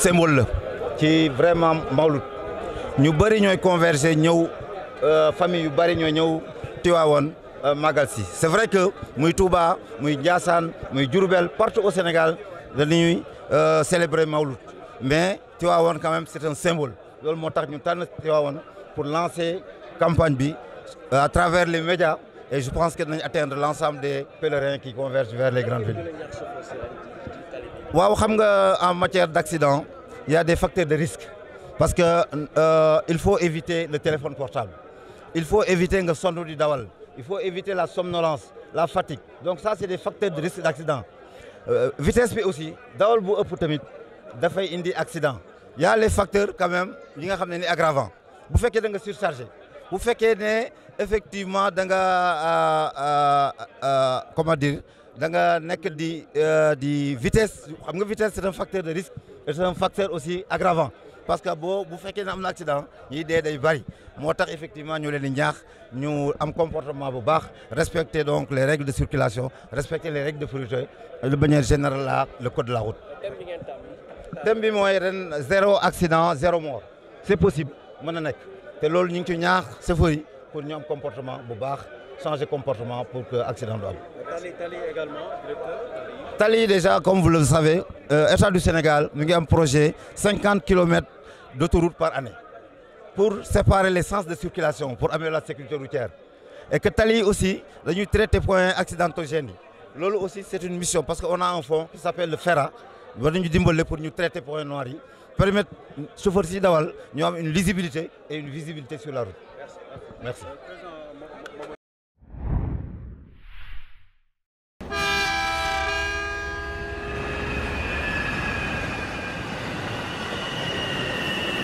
symbole la. ci vraiment mawlud ñu bëri ñooy converger ñëw euh, famille yu bëri ñooy ñëw Tiwaawoon euh, màggal si c'est vrai que muy Touba muy Ndiassane muy Diourbel partout au Sénégal dañuy euh, célébrer mawlud mais Tiwaawoon quand même c'est un symbole loolu moo tax ñu tànn Tiwaawoon pour lancer campagne bi à travers les médias et je pense que dinañ atteindre l'ensemble des pèlerins qui convergent vers les grandes villes waaw xam nga en matière d'accident il y des facteurs de risque parce que euh, il faut éviter le téléphone portable il faut éviter nga sonn di dawal il faut éviter la somnolence la fatigue donc ça c'est des facteurs de risque d'accident euh, vitesse bi aussi dawal bu ëpp tamit dafay indi accident il y a les facteurs quand yi nga xam ne ni aggravant bu fekkee da nga surchargé bu fekkee ne effectivement da nga euh, euh, euh, comment dire da nga nekk di euh, di vitesse xam nga vitesse c'est un facteur de risque et c'est un facteur aussi aggravant parce que boo bu fekkee ne am na accident ñiy dee day bari moo tax effectivement ñu leen di ñaax ñu am comportement bu baax respecter donc les règles de circulation respecter les règles de sécurité de manière générale la le code de la route. thème bi mooy ren zéro accident zéro mort c'est possible mën na nekk te loolu ñu ngi ci ñaax chauffeur yi pour ñu am comportement bu baax. changer comportement pour que accident du am. Tali Tali également directeur. Tali déjà comme vous le savez euh, état du Sénégal mu ngi am projet cinquante kilomètres d'autoroute par année pour séparer les sens de circulation pour améliorer la sécurité routière et que Tali aussi dañuy traiter point accidentogène yi loolu aussi c'est une mission parce que on a un fonds qui s'appelle le FERA war nañu dimbale pour ñu traiter point noir yi permettre chauffeur si dawal ñu am une lisibilité et une visibilité sur la route